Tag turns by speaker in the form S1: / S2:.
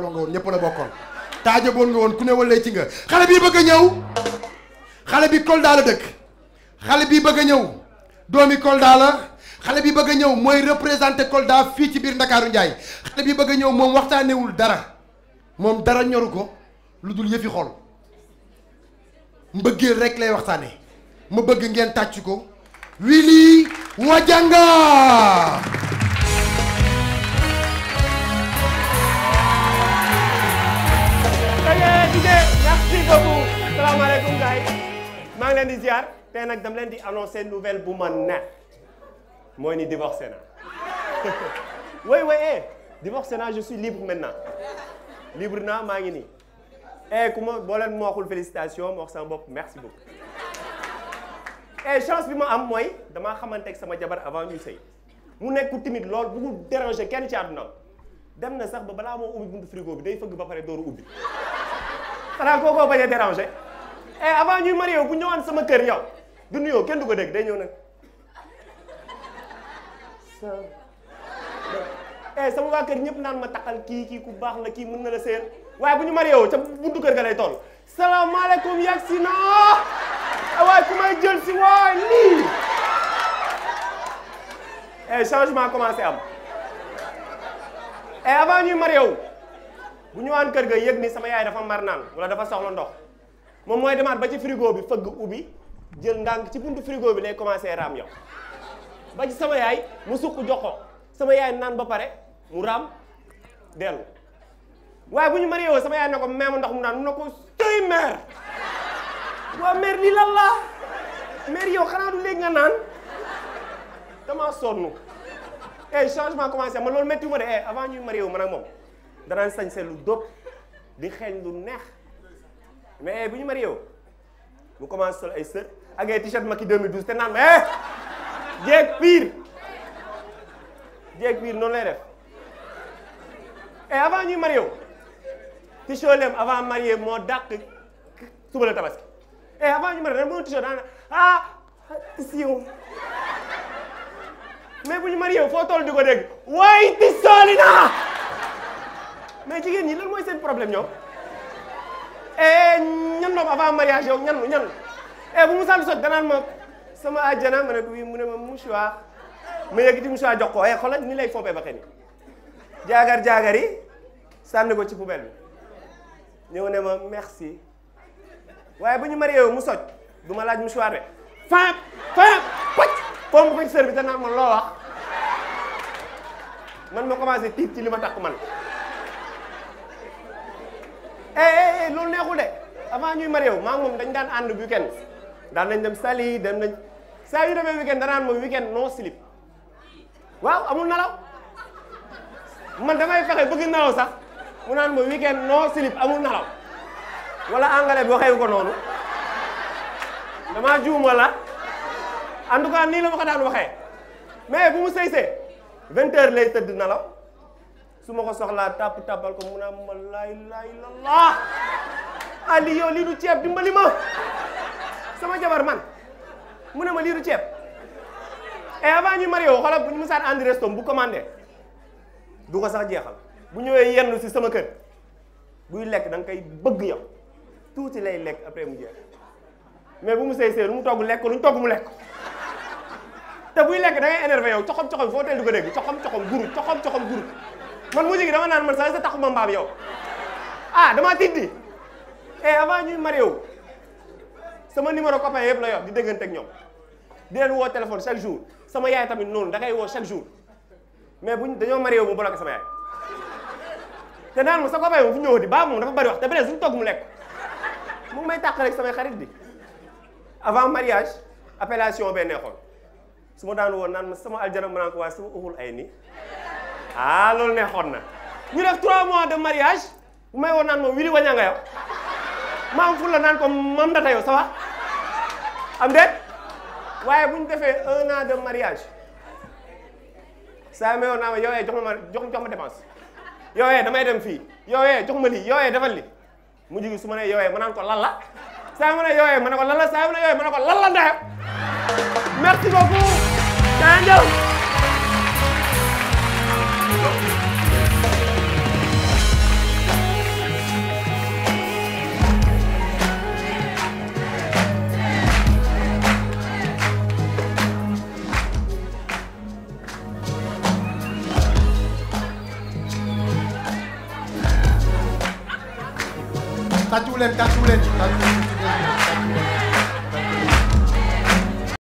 S1: nga woon la bokkoon taajaboon nga woon ku ne walee ci nga xale bii bëgg a xale bi Kolda la dëkk xale bii bëgg a ñëw doomi Kolda la xale bi bëgg a ñëw mooy représenté Kolda fii ci biir Ndakaaru Njaay xale bi bëgg a ñëw moom waxtaanewul dara moom dara ñoru ko lu dul yëfi xol mbëggeel rek lay waxtaane ma bëgg ngeen tàcc ko Willy Wajanga asalaamaaleykum gars yi maa ngi leen di ziar tey nag dam leen di annoncer nouvelle bu ma neex mooy ni divorcé naa oui oui eh divorcé naa je suis libre maintenant libre naa maa ngi ni eh ku ma boo leen ma waxul félicitation ma wax bopp merci beaucoup eh chance bi ma am mooy damaa xamantek sama jabar avant ñuy sëy mu nekk ku timide lool bu mu déranger kenn ci àdduna dem na sax ba balaa moo ubbi buntu frigo bi day fëgg ba pare dooru ubbi xanaa kookoo bañ a déranger eh avant ñuy marié bu ñëwaan sama kër ya du nuyoo kenn du ko dégg day ñëw nag eh, sama waa kër ñëpp naan ma taxal kii kii ku baax la kii mën na la seen waaye bu ñu marié woo ca buntu kër ga lay toll salaamaaleykum yàgg si na ah, waaye ku jël si waay nii eh, changement commencé am eh avant ñuy marié wu bu ñëwaan kër ga yëg ni sama yaay dafa mar naan wala dafa soxla ndox moom mooy demaat ba ci frigo bi fëgg ubbi jël ndànk ci buntu frigo bi lay commencer raam yow ba ci sama yaay mu suq jox ko sama yaay naan ba pare mu raam dellu waaye bu ñu marié woo sama yaay ne ko meema ndox mu naan mu ne ko tey mère waa mère lii lan la mère yow xanaa du léegi nga naan dama sonn eh changement commencé man loolu méttiwu ma de eh avant ñuy marié man ak moom danaan sañse lu dóob di xeeñ lu neex mais bu ñu marié yow mu commencé sol ay sër ak ay t-shirt Macky 2012 te naan ma eh jeeg pire jeeg pire noonu lay def et avant ñuy mario yow t-shirt lem avant marié moo dàq suba la tabaski et avant ñu marié mo t-shirt daan ah siw mais bu ñu marié yow foo toll di ko dégg way ti soli naa mais jigéen ñi lan mooy seen problème ñoom e ñan noom avant mariage yow ñan ñan e bu mu sànni sot danaan ma sama àjjana ma ne mu ne ma mouchoir ma yëkkati mouchoir jox ko e xoolal ni lay fompee ba xëy jaagar jaagar yi sànni ko ci poubelle bi ñëw ne ma merci waaye bu ñu marié yow soj du ma laaj mouchoir de faap faap pocc pompe ko ci sër bi te naan ma loo wax man ma commencé tiit ci li ma takk man waaye eh, loolu neexul de avant ñuy marié wu moom dañ daan ànd weekend daan dañ dem sali dem nañ saa yu demee weekend danaan moom weekend non slip waaw amul nalaw man damay fexe bëgg nalaw sax mu naan ma weekend non slip amul nalaw wala anglais bi waxee ko noonu damaa juum wala en tout cas nii la ma ko waxee mais bu mu sëysee vingt heures lay tëdd nalaw suma ko soxlaa tàpp tàppal ko mu naan ma laay laay la Ali yow lii du ceeb dimbali ma sama jabar man mu ne ma lii du ceeb et avant ñu marié woo xoolal bu ñu musaan andi resto bu commandé du ko sax jeexal bu ñëwee yenn si sama kër buy lekk da nga koy bëgg yow tuuti lay lekk après mu jeex mais bu mu sëy sëy lu mu togg lekk lu ñu togg mu lekk te buy lekk da ngay énervé yow coxom coxom foo teel du ko dégg coxom coxom guru coxom coxom guru man mujj gi dama naan man sax sa taxuma mbaam yow ah dama tiddi et eh, avant ñuy marié sama numéro copain yëpp la yor di déggante ak ñoom di leen woo téléphone chaque jour sama yaay tamit noonu da woo chaque jour mais buñ dañoo marié wu mu bloqué sama yaay te naan moom sa copain moom fu ñëwati ba moom dafa bari wax te beneen suñu togg mu lekk mu may tàq rek samay xarit bi avant mariage appellation bee neexoon su ma daan woon naan ma sama aljana ma naan ko waaye sama uxul ay ni ah loolu neexoon na ñu def troi mois de mariage bu woon naan moom wili nga yow ma am fu naan ko mam data yow ça am déet waaye bu defee un an de mariage saa yoo naa ma yow jox ma jox ma dépense yow damay dem fii yow jox ma lii yow defal li mu jigi su ma nee yow ma naan ko lan la saa ma ne yow ma ne ko lan la saa ma ne yow ma ne ko lan la ndeyam merci beaucoup. tàccu leen tàccu leen tàccu leen